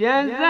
现在。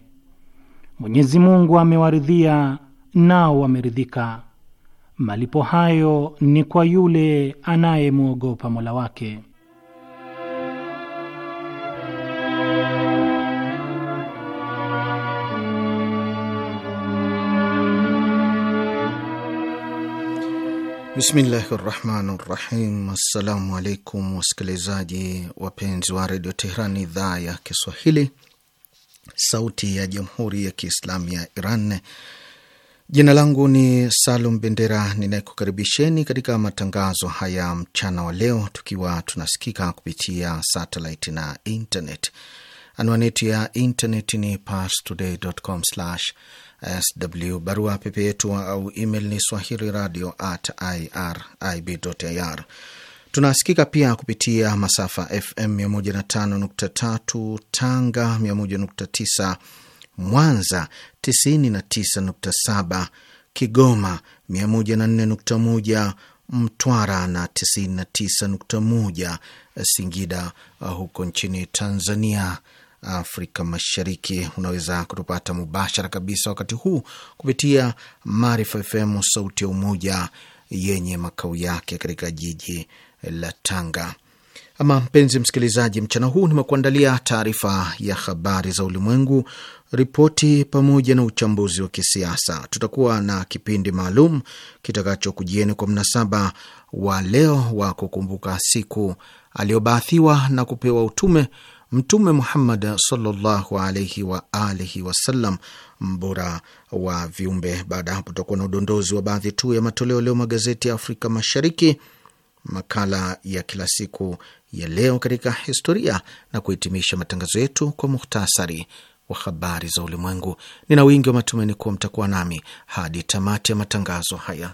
Mwenyezi Mungu amewaridhia nao wameridhika. Malipo hayo ni kwa yule anayemwogopa Mola wake. Bismillahi rahmani rahim. Assalamu alaikum wasikilizaji wapenzi wa redio Teherani, idhaa ya Kiswahili Sauti ya Jamhuri ya Kiislamu ya Iran. Jina langu ni Salum Bendera ninayekukaribisheni katika matangazo haya mchana wa leo, tukiwa tunasikika kupitia satelit na internet. Anwani yetu ya internet ni parstoday.com/sw. Barua pepe yetu au email ni swahili radio at irib.ir Tunasikika pia kupitia masafa FM 105.3 Tanga, 101.9 Mwanza, 99.7 Kigoma, 104.1 Mtwara na 99.1 Singida, uh, huko nchini Tanzania, Afrika Mashariki. Unaweza kutupata mubashara kabisa wakati huu kupitia Maarifa FM, sauti ya Umoja, yenye makao yake katika jiji la Tanga. Ama mpenzi msikilizaji, mchana huu nimekuandalia taarifa ya habari za ulimwengu, ripoti pamoja na uchambuzi wa kisiasa. Tutakuwa na kipindi maalum kitakachokujieni kwa mnasaba wa leo wa kukumbuka siku aliyobaathiwa na kupewa utume Mtume Muhammad sallallahu alaihi wa alihi wasallam, mbora wa viumbe. Baada ya hapo, tutakuwa na udondozi wa baadhi tu ya matoleo leo magazeti ya Afrika Mashariki makala ya kila siku ya leo katika historia na kuhitimisha matangazo yetu kwa muhtasari wa habari za ulimwengu. Nina wingi wa matumaini kuwa mtakuwa nami hadi tamati ya matangazo haya.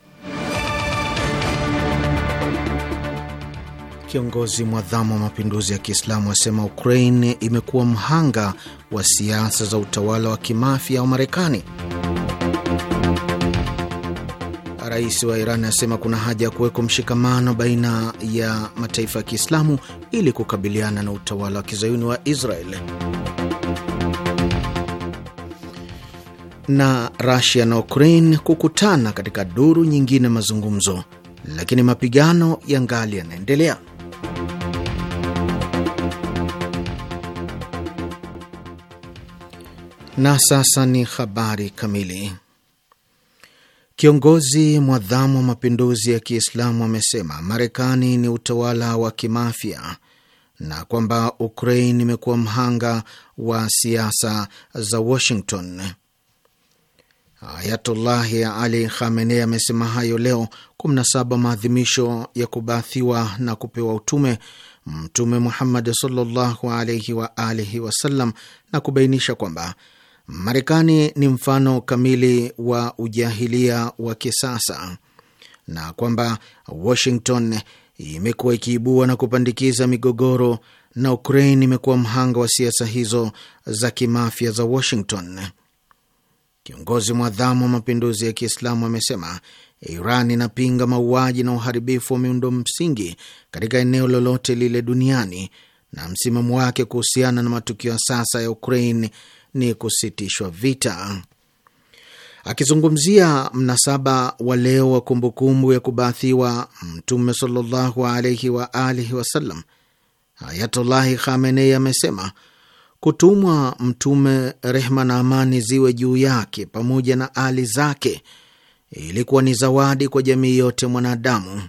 Kiongozi mwadhamu wa mapinduzi ya Kiislamu asema Ukraine imekuwa mhanga wa siasa za utawala wa kimafia wa Marekani. Rais wa Iran asema kuna haja ya kuweko mshikamano baina ya mataifa ya Kiislamu ili kukabiliana na utawala wa kizayuni wa israel Na Rasia na Ukraine kukutana katika duru nyingine mazungumzo, lakini mapigano ya ngali yanaendelea. Na sasa ni habari kamili. Kiongozi mwadhamu wa mapinduzi ya Kiislamu amesema Marekani ni utawala wa kimafia na kwamba Ukraine imekuwa mhanga wa siasa za Washington. Ayatullahi Ali Khamenei amesema hayo leo 17 maadhimisho ya kubathiwa na kupewa utume Mtume Muhammad sallallahu alaihi wa alihi wasallam na kubainisha kwamba Marekani ni mfano kamili wa ujahilia wa kisasa na kwamba Washington imekuwa ikiibua na kupandikiza migogoro na Ukraine imekuwa mhanga wa siasa hizo za kimafia za Washington. Kiongozi mwadhamu wa mapinduzi ya Kiislamu amesema Iran inapinga mauaji na uharibifu wa miundo msingi katika eneo lolote lile duniani, na msimamo wake kuhusiana na matukio ya sasa ya Ukraine ni kusitishwa vita. Akizungumzia mnasaba wa leo wa kumbukumbu ya kubaathiwa Mtume sallallahu alaihi wa alihi wasallam, Ayatullahi Khamenei amesema kutumwa Mtume, rehma na amani ziwe juu yake, pamoja na ali zake, ilikuwa ni zawadi kwa jamii yote mwanadamu.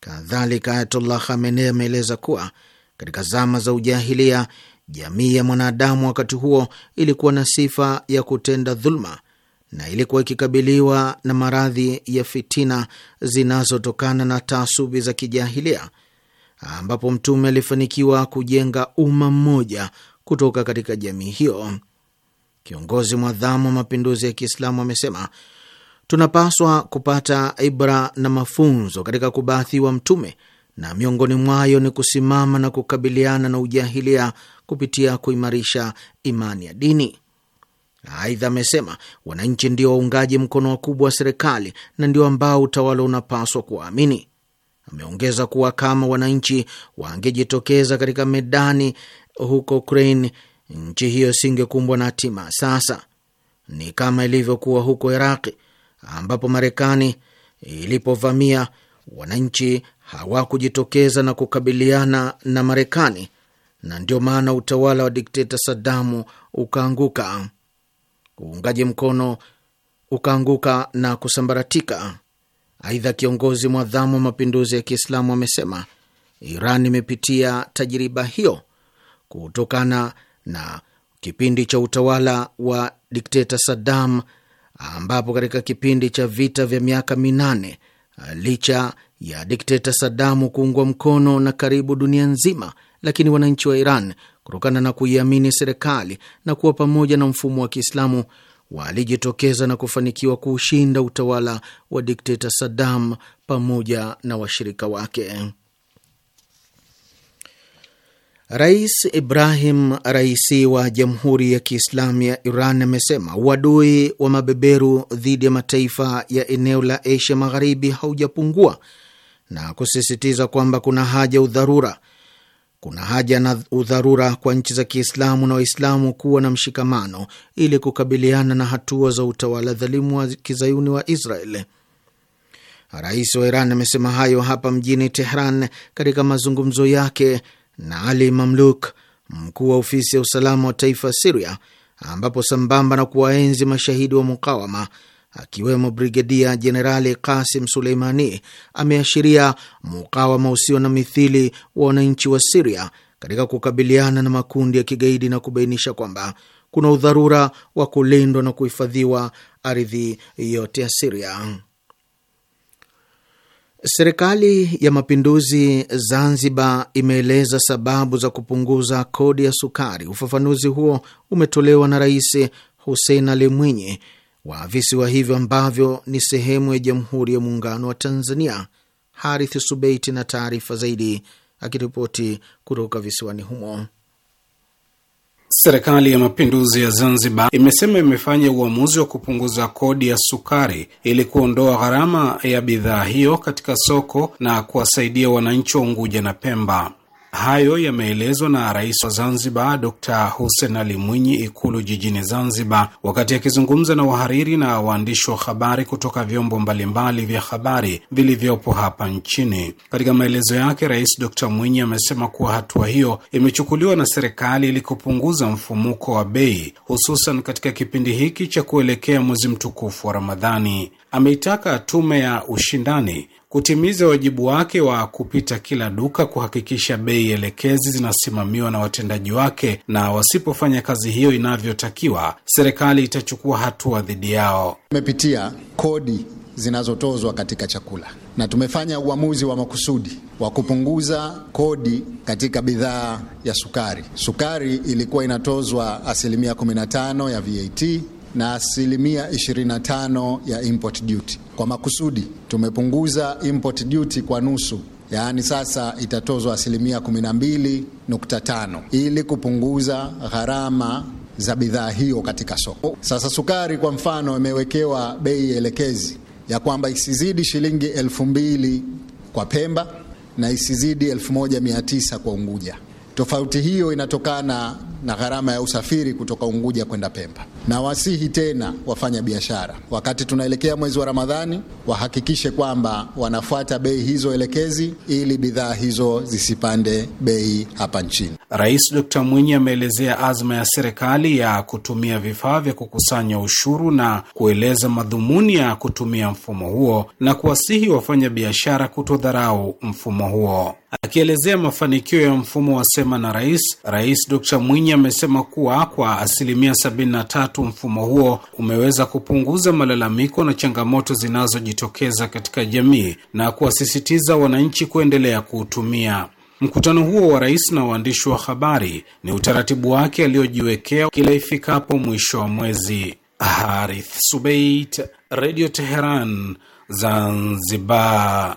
Kadhalika, Ayatullah Khamenei ameeleza kuwa katika zama za ujahilia Jamii ya mwanadamu wakati huo ilikuwa na sifa ya kutenda dhuluma na ilikuwa ikikabiliwa na maradhi ya fitina zinazotokana na taasubi za kijahilia, ambapo Mtume alifanikiwa kujenga umma mmoja kutoka katika jamii hiyo. Kiongozi mwadhamu wa mapinduzi ya Kiislamu amesema tunapaswa kupata ibra na mafunzo katika kubaathiwa Mtume, na miongoni mwayo ni kusimama na kukabiliana na ujahilia kupitia kuimarisha imani ya dini. Aidha, amesema wananchi ndio waungaji mkono wakubwa wa serikali na ndio ambao utawala unapaswa kuwaamini. Ameongeza kuwa kama wananchi wangejitokeza katika medani huko Ukraine, nchi hiyo isingekumbwa na hatima sasa. Ni kama ilivyokuwa huko Iraqi ambapo Marekani ilipovamia wananchi hawakujitokeza na kukabiliana na Marekani na ndio maana utawala wa dikteta Sadamu ukaanguka, uungaji mkono ukaanguka na kusambaratika. Aidha, kiongozi mwadhamu wa mapinduzi ya Kiislamu amesema Iran imepitia tajiriba hiyo kutokana na kipindi cha utawala wa dikteta Saddam, ambapo katika kipindi cha vita vya miaka minane, licha ya dikteta Sadamu kuungwa mkono na karibu dunia nzima lakini wananchi wa Iran, kutokana na kuiamini serikali na kuwa pamoja na mfumo wa Kiislamu, walijitokeza na kufanikiwa kuushinda utawala wa dikteta Saddam pamoja na washirika wake. Rais Ibrahim Raisi wa Jamhuri ya Kiislamu ya Iran amesema uadui wa mabeberu dhidi ya mataifa ya eneo la Asia Magharibi haujapungua na kusisitiza kwamba kuna haja udharura kuna haja na udharura kwa nchi za Kiislamu na Waislamu kuwa na mshikamano ili kukabiliana na hatua za utawala dhalimu wa kizayuni wa Israel. Rais wa Iran amesema hayo hapa mjini Tehran katika mazungumzo yake na Ali Mamluk, mkuu wa ofisi ya usalama wa taifa Siria, ambapo sambamba na kuwaenzi mashahidi wa mukawama akiwemo Brigedia Jenerali Kasim Suleimani ameashiria mukawama usio na mithili wa wananchi wa Siria katika kukabiliana na makundi ya kigaidi na kubainisha kwamba kuna udharura wa kulindwa na kuhifadhiwa ardhi yote ya Siria. Serikali ya Mapinduzi Zanzibar imeeleza sababu za kupunguza kodi ya sukari. Ufafanuzi huo umetolewa na Rais Hussein Ali Mwinyi wa visiwa hivyo ambavyo ni sehemu ya Jamhuri ya Muungano wa Tanzania. Harith Subeiti na taarifa zaidi akiripoti kutoka visiwani humo. Serikali ya Mapinduzi ya Zanzibar imesema imefanya uamuzi wa kupunguza kodi ya sukari ili kuondoa gharama ya bidhaa hiyo katika soko na kuwasaidia wananchi wa Unguja na Pemba. Hayo yameelezwa na rais wa Zanzibar Dr Hussein Ali Mwinyi Ikulu jijini Zanzibar, wakati akizungumza na wahariri na waandishi wa habari kutoka vyombo mbalimbali vya habari vilivyopo hapa nchini. Katika maelezo yake, Rais Dr Mwinyi amesema kuwa hatua hiyo imechukuliwa na serikali ili kupunguza mfumuko wa bei, hususan katika kipindi hiki cha kuelekea mwezi mtukufu wa Ramadhani. Ameitaka Tume ya Ushindani kutimiza wajibu wake wa kupita kila duka kuhakikisha bei elekezi zinasimamiwa na watendaji wake, na wasipofanya kazi hiyo inavyotakiwa, serikali itachukua hatua dhidi yao. Tumepitia kodi zinazotozwa katika chakula na tumefanya uamuzi wa makusudi wa kupunguza kodi katika bidhaa ya sukari. Sukari ilikuwa inatozwa asilimia 15 ya VAT na asilimia 25 ya import duty. Kwa makusudi tumepunguza import duty kwa nusu, yaani sasa itatozwa asilimia 12.5 ili kupunguza gharama za bidhaa hiyo katika soko. Sasa sukari kwa mfano imewekewa bei elekezi ya kwamba isizidi shilingi elfu mbili kwa Pemba na isizidi 1900 kwa Unguja. Tofauti hiyo inatokana na gharama ya usafiri kutoka Unguja kwenda Pemba na wasihi tena wafanya biashara, wakati tunaelekea mwezi wa Ramadhani, wahakikishe kwamba wanafuata bei hizo elekezi ili bidhaa hizo zisipande bei hapa nchini. Rais Dkt. Mwinyi ameelezea azma ya serikali ya kutumia vifaa vya kukusanya ushuru na kueleza madhumuni ya kutumia mfumo huo na kuwasihi wafanya biashara kutodharau mfumo huo. Akielezea mafanikio ya mfumo wa Sema na Rais, Rais Dkt. Mwinyi amesema kuwa kwa asilimia 73 tatu, mfumo huo umeweza kupunguza malalamiko na changamoto zinazojitokeza katika jamii na kuwasisitiza wananchi kuendelea kuutumia. Mkutano huo wa rais na waandishi wa habari ni utaratibu wake aliojiwekea kila ifikapo mwisho wa mwezi. Harith Subeit, Radio Teheran, Zanzibar.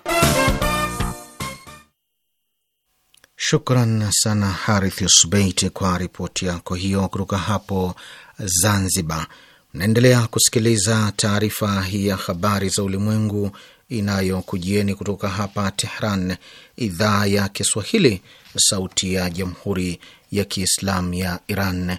Shukran sana Harith Subeit kwa ripoti yako hiyo kutoka hapo Zanzibar. Mnaendelea kusikiliza taarifa hii ya habari za ulimwengu inayokujieni kutoka hapa Tehran, idhaa ya Kiswahili, sauti ya jamhuri ya kiislamu ya Iran.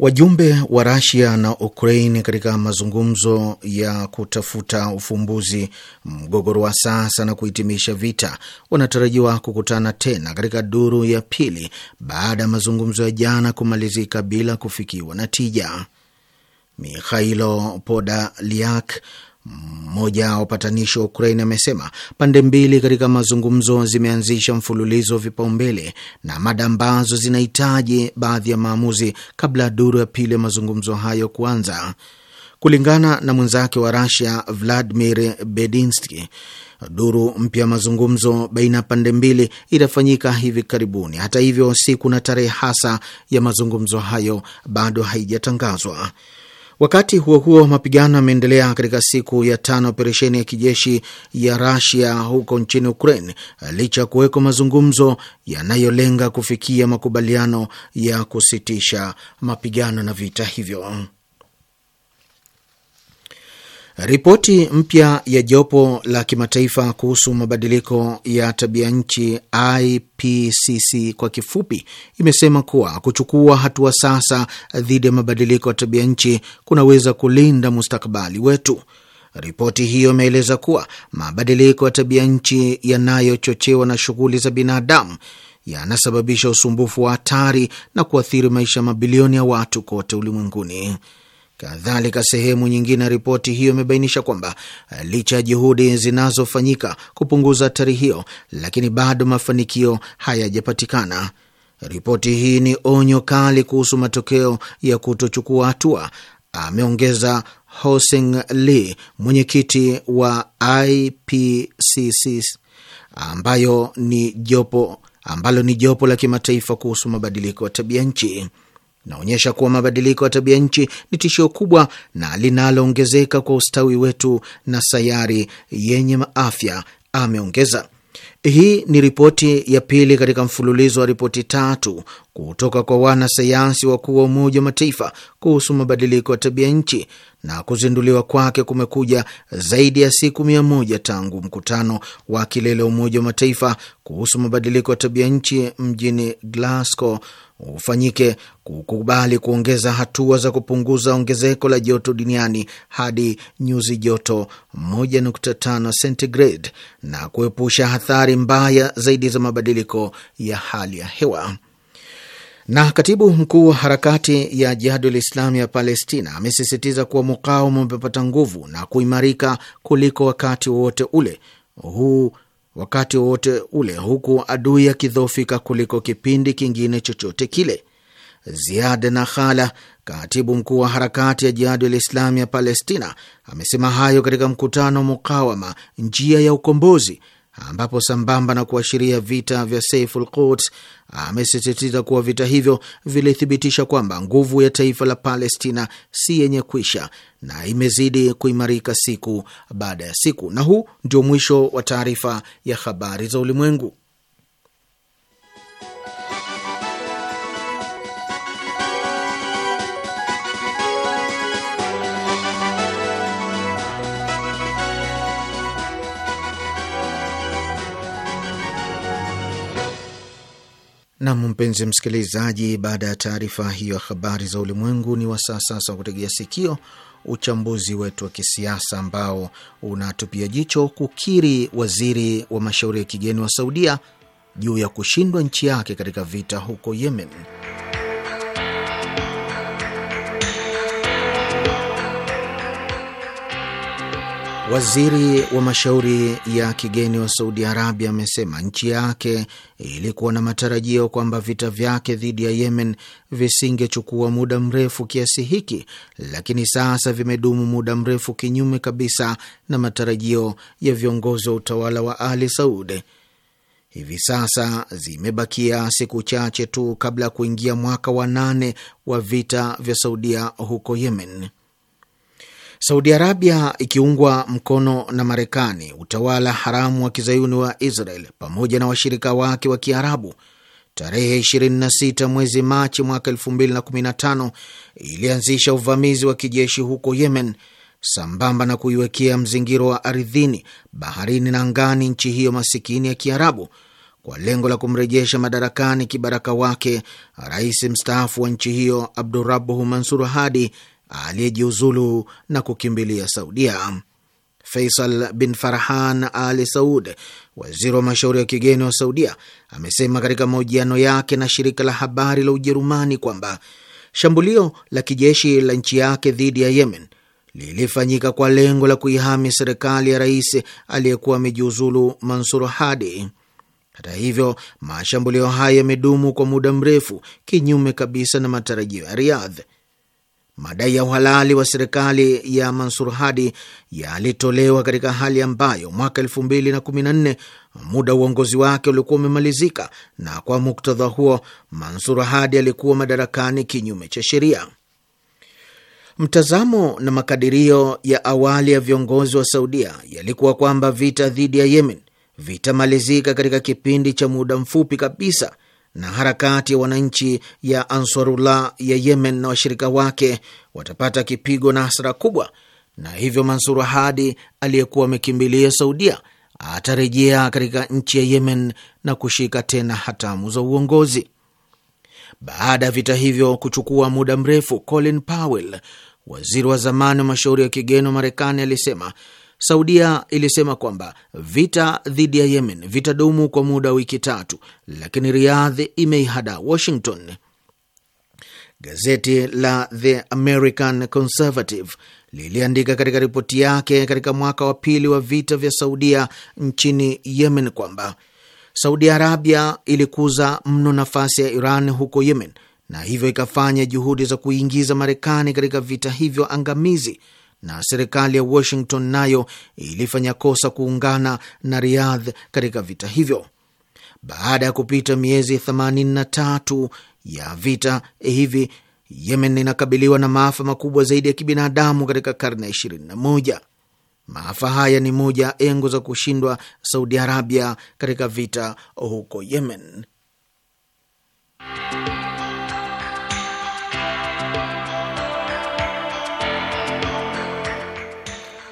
Wajumbe wa Rasia na ukrain katika mazungumzo ya kutafuta ufumbuzi mgogoro wa sasa na kuhitimisha vita wanatarajiwa kukutana tena katika duru ya pili baada ya mazungumzo ya jana kumalizika bila kufikiwa na tija. Mikhailo Podolyak, mmoja wa upatanishi wa Ukraini amesema pande mbili katika mazungumzo zimeanzisha mfululizo wa vipaumbele na mada ambazo zinahitaji baadhi ya maamuzi kabla ya duru ya pili ya mazungumzo hayo kuanza. Kulingana na mwenzake wa Rasia Vladimir Bedinski, duru mpya ya mazungumzo baina ya pande mbili itafanyika hivi karibuni. Hata hivyo, siku na tarehe hasa ya mazungumzo hayo bado haijatangazwa. Wakati huo huo, mapigano yameendelea katika siku ya tano operesheni ya kijeshi ya Rasia huko nchini Ukraine licha ya kuweko mazungumzo yanayolenga kufikia makubaliano ya kusitisha mapigano na vita hivyo. Ripoti mpya ya jopo la kimataifa kuhusu mabadiliko ya tabia nchi IPCC kwa kifupi imesema kuwa kuchukua hatua sasa dhidi ya mabadiliko ya tabia nchi kunaweza kulinda mustakabali wetu. Ripoti hiyo imeeleza kuwa mabadiliko ya tabia nchi yanayochochewa na shughuli za binadamu yanasababisha usumbufu wa hatari na kuathiri maisha mabilioni ya watu kote ulimwenguni. Kadhalika, sehemu nyingine ya ripoti hiyo imebainisha kwamba eh, licha ya juhudi zinazofanyika kupunguza hatari hiyo, lakini bado mafanikio hayajapatikana. Ripoti hii ni onyo kali kuhusu matokeo ya kutochukua hatua, ameongeza Hosing Lee, mwenyekiti wa IPCC ambayo ni jopo ambalo ni jopo la kimataifa kuhusu mabadiliko ya tabia nchi naonyesha kuwa mabadiliko ya tabia nchi ni tishio kubwa na linaloongezeka kwa ustawi wetu na sayari yenye afya, ameongeza. Hii ni ripoti ya pili katika mfululizo wa ripoti tatu kutoka kwa wanasayansi wakuu wa Umoja wa Mataifa kuhusu mabadiliko ya tabia nchi na kuzinduliwa kwake kumekuja zaidi ya siku mia moja tangu mkutano wa kilele wa Umoja wa Mataifa kuhusu mabadiliko ya tabia nchi mjini Glasgow ufanyike kukubali kuongeza hatua za kupunguza ongezeko la joto duniani hadi nyuzi joto 1.5 centigrade na kuepusha hathari mbaya zaidi za mabadiliko ya hali ya hewa. Na katibu mkuu wa harakati ya Jihadul Islami ya Palestina amesisitiza kuwa mukawama umepata nguvu na kuimarika kuliko wakati wowote ule huu wakati wowote ule huku adui akidhoofika kuliko kipindi kingine chochote kile. Ziad Nakhala, katibu mkuu wa harakati ya Jihadi al Islami ya Palestina, amesema hayo katika mkutano wa mukawama, njia ya ukombozi ambapo sambamba na kuashiria vita vya Saiful Quds amesisitiza kuwa vita hivyo vilithibitisha kwamba nguvu ya taifa la Palestina si yenye kwisha na imezidi kuimarika siku baada ya siku. Na huu ndio mwisho wa taarifa ya habari za ulimwengu. Nam, mpenzi msikilizaji, baada ya taarifa hiyo ya habari za ulimwengu, ni wasaa sasa wa kutegea sikio uchambuzi wetu wa kisiasa ambao unatupia jicho kukiri waziri wa mashauri ya kigeni wa Saudia juu ya kushindwa nchi yake katika vita huko Yemen. Waziri wa mashauri ya kigeni wa Saudi Arabia amesema nchi yake ilikuwa na matarajio kwamba vita vyake dhidi ya Yemen visingechukua muda mrefu kiasi hiki, lakini sasa vimedumu muda mrefu, kinyume kabisa na matarajio ya viongozi wa utawala wa Ali Saudi. Hivi sasa zimebakia siku chache tu kabla ya kuingia mwaka wa nane wa vita vya Saudia huko Yemen. Saudi Arabia ikiungwa mkono na Marekani, utawala haramu wa kizayuni wa Israel pamoja na washirika wake wa Kiarabu, tarehe 26 mwezi Machi mwaka 2015 ilianzisha uvamizi wa kijeshi huko Yemen sambamba na kuiwekea mzingiro wa ardhini, baharini na angani nchi hiyo masikini ya Kiarabu kwa lengo la kumrejesha madarakani kibaraka wake rais mstaafu wa nchi hiyo Abdurabuhu Mansur Hadi aliyejiuzulu na kukimbilia Saudia. Faisal bin Farhan Al Saud, waziri wa mashauri ya kigeni wa Saudia, amesema katika mahojiano yake na shirika la habari la Ujerumani kwamba shambulio la kijeshi la nchi yake dhidi ya Yemen lilifanyika kwa lengo la kuihami serikali ya rais aliyekuwa amejiuzulu Mansur Hadi. Hata hivyo, mashambulio haya yamedumu kwa muda mrefu, kinyume kabisa na matarajio ya riadh Madai ya uhalali wa serikali ya Mansur Hadi yalitolewa katika hali ambayo mwaka elfu mbili na kumi na nne muda uongozi wake ulikuwa umemalizika, na kwa muktadha huo Mansur Hadi alikuwa madarakani kinyume cha sheria. Mtazamo na makadirio ya awali ya viongozi wa Saudia yalikuwa kwamba vita dhidi ya Yemen vitamalizika katika kipindi cha muda mfupi kabisa na harakati ya wananchi ya Ansarullah ya Yemen na washirika wake watapata kipigo na hasara kubwa, na hivyo Mansur Hadi aliyekuwa amekimbilia Saudia atarejea katika nchi ya Yemen na kushika tena hatamu za uongozi. Baada ya vita hivyo kuchukua muda mrefu, Colin Powell, waziri wa zamani wa mashauri ya kigeni wa Marekani, alisema Saudia ilisema kwamba vita dhidi ya Yemen vitadumu kwa muda wa wiki tatu, lakini riadhi imeihada Washington. Gazeti la The American Conservative liliandika katika ripoti yake katika mwaka wa pili wa vita vya Saudia nchini Yemen kwamba Saudi Arabia ilikuza mno nafasi ya Iran huko Yemen na hivyo ikafanya juhudi za kuingiza Marekani katika vita hivyo angamizi na serikali ya Washington nayo ilifanya kosa kuungana na Riyadh katika vita hivyo. Baada ya kupita miezi 83 ya vita hivi, Yemen inakabiliwa na maafa makubwa zaidi ya kibinadamu katika karne ya 21. Maafa haya ni moja ya engo za kushindwa Saudi Arabia katika vita huko Yemen.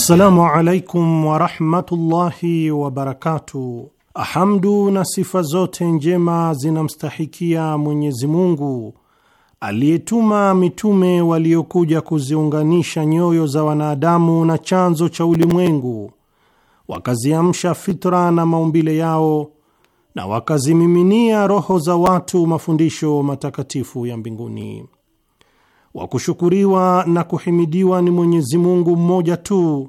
Assalamu alaikum warahmatullahi wabarakatu. Hamdu na sifa zote njema zinamstahikia Mwenyezi Mungu aliyetuma mitume waliokuja kuziunganisha nyoyo za wanadamu na chanzo cha ulimwengu, wakaziamsha fitra na maumbile yao na wakazimiminia roho za watu mafundisho matakatifu ya mbinguni wa kushukuriwa na kuhimidiwa ni Mwenyezi Mungu mmoja tu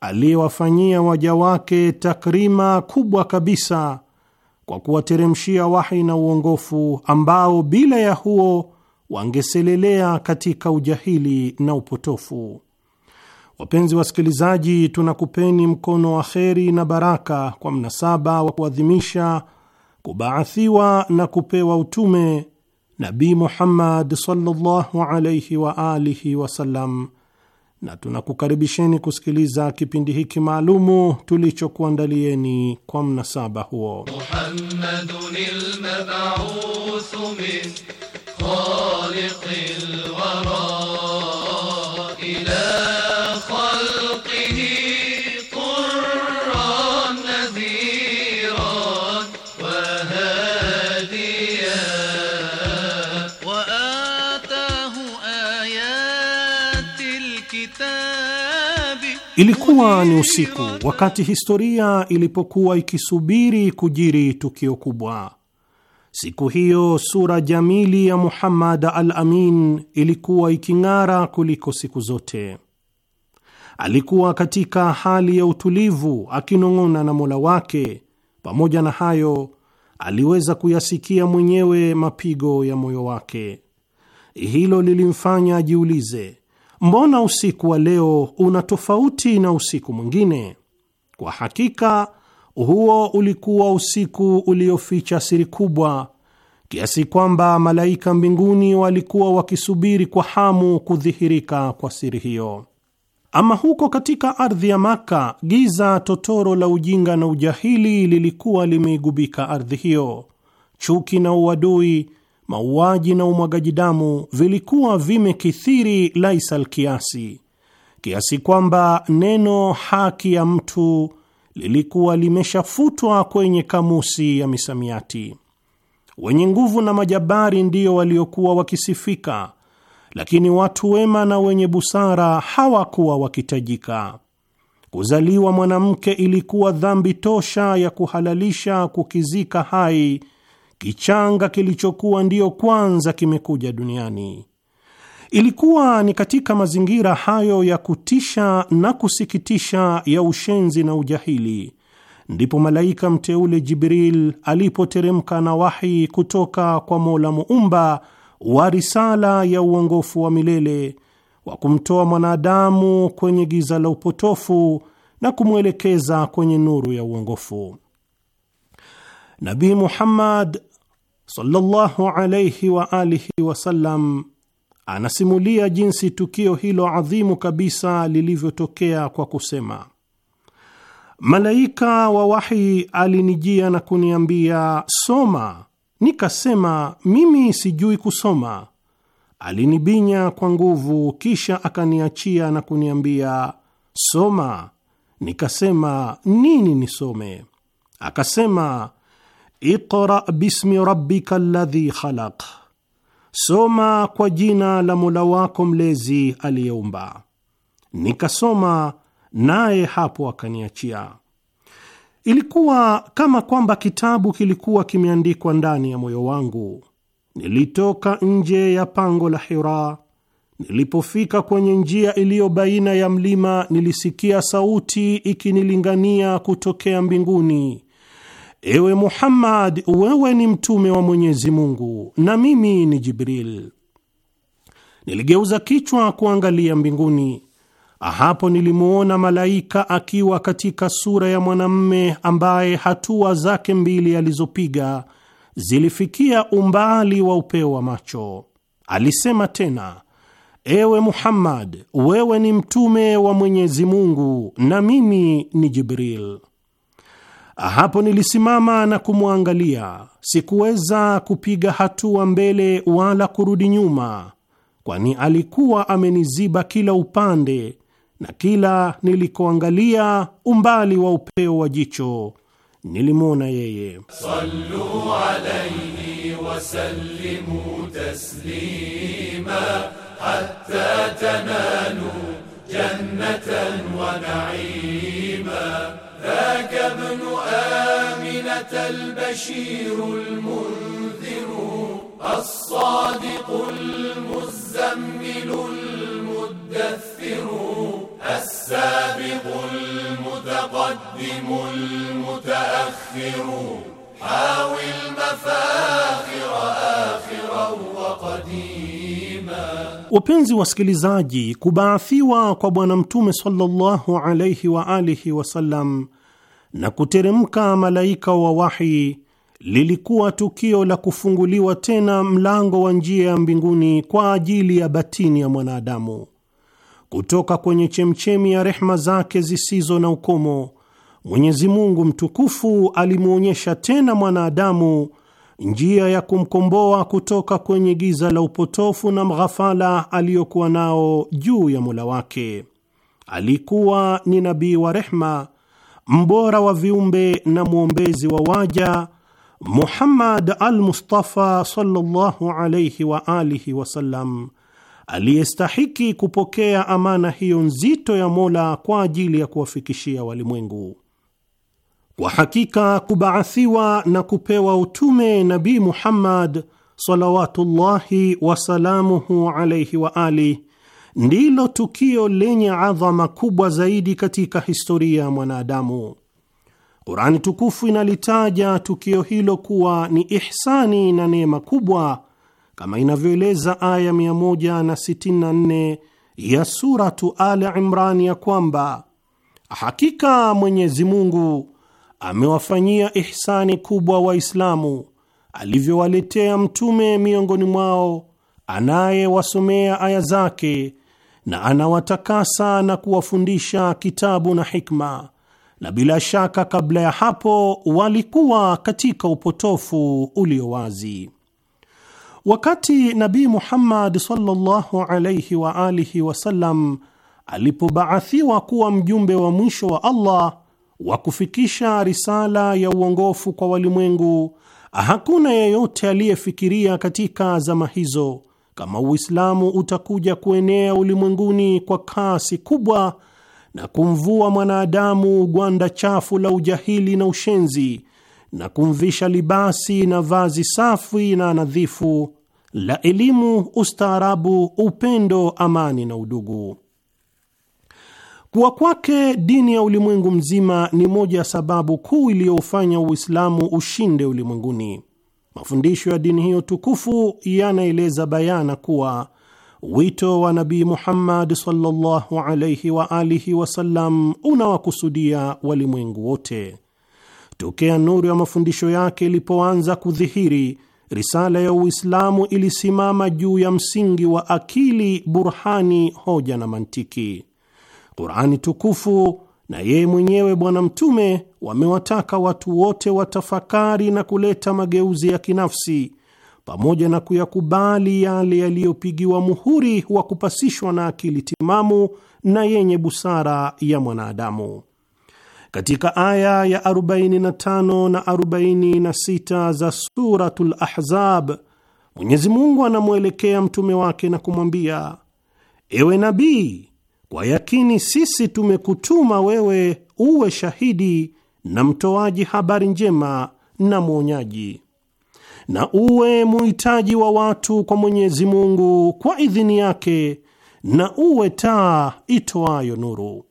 aliyewafanyia waja wake takrima kubwa kabisa kwa kuwateremshia wahi na uongofu ambao bila ya huo wangeselelea katika ujahili na upotofu. Wapenzi wasikilizaji, tunakupeni mkono wa kheri na baraka kwa mnasaba wa kuadhimisha kubaathiwa na kupewa utume Nabii Muhammad sallallahu alaihi wa alihi wasallam, na tunakukaribisheni kusikiliza kipindi hiki maalumu tulichokuandalieni kwa mnasaba huo. Muhammadun Ilikuwa ni usiku, wakati historia ilipokuwa ikisubiri kujiri tukio kubwa. Siku hiyo sura jamili ya Muhammad al-Amin ilikuwa iking'ara kuliko siku zote. Alikuwa katika hali ya utulivu akinong'ona na Mola wake. Pamoja na hayo, aliweza kuyasikia mwenyewe mapigo ya moyo wake. Hilo lilimfanya ajiulize, mbona usiku wa leo una tofauti na usiku mwingine? Kwa hakika huo ulikuwa usiku ulioficha siri kubwa kiasi kwamba malaika mbinguni walikuwa wakisubiri kwa hamu kudhihirika kwa siri hiyo. Ama huko katika ardhi ya Maka, giza totoro la ujinga na ujahili lilikuwa limeigubika ardhi hiyo. Chuki na uadui mauaji na umwagaji damu vilikuwa vimekithiri laisal kiasi, kiasi kwamba neno haki ya mtu lilikuwa limeshafutwa kwenye kamusi ya misamiati. Wenye nguvu na majabari ndiyo waliokuwa wakisifika, lakini watu wema na wenye busara hawakuwa wakitajika. Kuzaliwa mwanamke ilikuwa dhambi tosha ya kuhalalisha kukizika hai kichanga kilichokuwa ndiyo kwanza kimekuja duniani. Ilikuwa ni katika mazingira hayo ya kutisha na kusikitisha ya ushenzi na ujahili ndipo malaika mteule Jibril alipoteremka na wahi kutoka kwa Mola Muumba wa risala ya uongofu wa milele wa kumtoa mwanadamu kwenye giza la upotofu na kumwelekeza kwenye nuru ya uongofu. Nabii Muhammad sallallahu alayhi wa alihi wasallam anasimulia jinsi tukio hilo adhimu kabisa lilivyotokea kwa kusema, malaika wa wahi alinijia na kuniambia soma, nikasema mimi sijui kusoma. Alinibinya kwa nguvu, kisha akaniachia na kuniambia soma, nikasema nini nisome? Akasema Iqra bismi rabbika alladhi khalaq, soma kwa jina la mola wako mlezi aliyeumba. Nikasoma naye hapo akaniachia. Ilikuwa kama kwamba kitabu kilikuwa kimeandikwa ndani ya moyo wangu. Nilitoka nje ya pango la Hira. Nilipofika kwenye njia iliyo baina ya mlima, nilisikia sauti ikinilingania kutokea mbinguni Ewe Muhammad, wewe ni mtume wa Mwenyezi Mungu na mimi ni Jibril. Niligeuza kichwa kuangalia mbinguni. Hapo nilimwona malaika akiwa katika sura ya mwanamme ambaye hatua zake mbili alizopiga zilifikia umbali wa upeo wa macho. Alisema tena, ewe Muhammad, wewe ni mtume wa Mwenyezi Mungu na mimi ni Jibril. Hapo nilisimama na kumwangalia, sikuweza kupiga hatua mbele wala kurudi nyuma, kwani alikuwa ameniziba kila upande, na kila nilikoangalia umbali wa upeo wa jicho nilimwona yeye. Sallu alayhi wa sallimu taslima hatta tanalu jannatan wa naima ذاك ابن آمنة البشير المنذر الصادق المزمل المدثر السابق المتقدم المتأخر حاوي المفاخر آخرا وقديما Wapenzi wasikilizaji, kubaathiwa kwa Bwana Mtume sallallahu alayhi wa alihi wasallam na kuteremka malaika wa wahi lilikuwa tukio la kufunguliwa tena mlango wa njia ya mbinguni kwa ajili ya batini ya mwanadamu kutoka kwenye chemchemi ya rehma zake zisizo na ukomo. Mwenyezi Mungu mtukufu alimwonyesha tena mwanadamu njia ya kumkomboa kutoka kwenye giza la upotofu na mghafala aliyokuwa nao juu ya Mola wake. Alikuwa ni nabii wa rehma mbora wa viumbe na mwombezi wa waja Muhammad al-Mustafa sallallahu alayhi wa alihi wa sallam aliyestahiki kupokea amana hiyo nzito ya Mola kwa ajili ya kuwafikishia walimwengu. Kwa hakika kubaathiwa na kupewa utume Nabii Muhammad salawatullahi wasalamuhu alayhi wa alihi ndilo tukio lenye adhama kubwa zaidi katika historia ya mwanadamu. Kurani tukufu inalitaja tukio hilo kuwa ni ihsani na neema kubwa kama inavyoeleza aya 164 ya Suratu Al Imran ya kwamba hakika Mwenyezi Mungu amewafanyia ihsani kubwa Waislamu alivyowaletea mtume miongoni mwao anayewasomea aya zake na anawatakasa na kuwafundisha kitabu na hikma, na bila shaka kabla ya hapo walikuwa katika upotofu ulio wazi. Wakati nabi Muhammad sallallahu alayhi wa alihi wasallam alipobaathiwa kuwa mjumbe wa mwisho wa Allah wa kufikisha risala ya uongofu kwa walimwengu, hakuna yeyote aliyefikiria katika zama hizo kama Uislamu utakuja kuenea ulimwenguni kwa kasi kubwa na kumvua mwanadamu gwanda chafu la ujahili na ushenzi na kumvisha libasi na vazi safi na nadhifu la elimu, ustaarabu, upendo, amani na udugu. Kuwa kwake dini ya ulimwengu mzima ni moja ya sababu kuu iliyofanya Uislamu ushinde ulimwenguni. Mafundisho ya dini hiyo tukufu yanaeleza bayana kuwa wito wa Nabii Muhammad sallallahu wa alihi wasallam unawakusudia walimwengu wote. Tokea nuru ya mafundisho yake ilipoanza kudhihiri, risala ya Uislamu ilisimama juu ya msingi wa akili, burhani, hoja na mantiki. Qurani tukufu na yeye mwenyewe Bwana Mtume wamewataka watu wote watafakari na kuleta mageuzi ya kinafsi pamoja na kuyakubali yale yaliyopigiwa muhuri wa kupasishwa na akili timamu na yenye busara ya mwanadamu. Katika aya ya 45 na 46 za Suratul Ahzab, Mwenyezi Mungu anamwelekea mtume wake na kumwambia, ewe nabii, kwa yakini sisi tumekutuma wewe uwe shahidi na mtoaji habari njema na mwonyaji, na uwe muhitaji wa watu kwa Mwenyezi Mungu kwa idhini yake, na uwe taa itoayo nuru.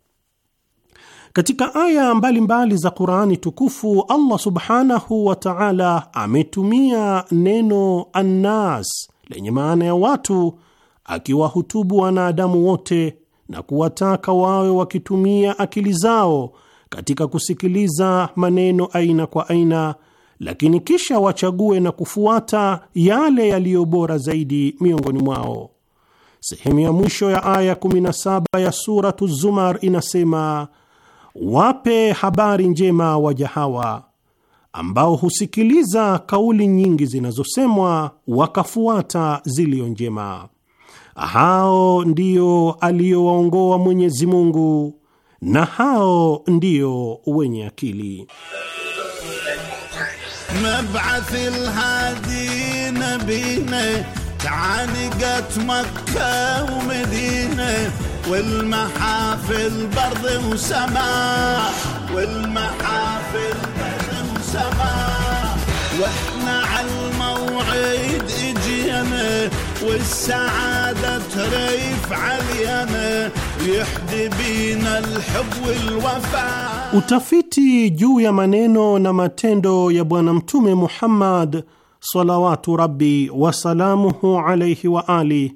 Katika aya mbalimbali mbali za Qur'ani tukufu Allah Subhanahu wa Ta'ala ametumia neno annas lenye maana ya watu, akiwahutubu wanadamu wote na kuwataka wawe wakitumia akili zao katika kusikiliza maneno aina kwa aina, lakini kisha wachague na kufuata yale yaliyo bora zaidi miongoni mwao. Sehemu ya mwisho ya aya 17 ya Suratu Zumar inasema, wape habari njema waja hawa ambao husikiliza kauli nyingi zinazosemwa wakafuata ziliyo njema. Hao ndio aliyowaongoa Mwenyezi Mungu na hao ndio wenye akili. واحنا على الموعد اجينا والسعادة تريف علينا يحدي بينا الحب والوفاء. Utafiti juu ya maneno na matendo ya Bwana Mtume Muhammad salawatu rabbi wasalamuhu alaihi wa ali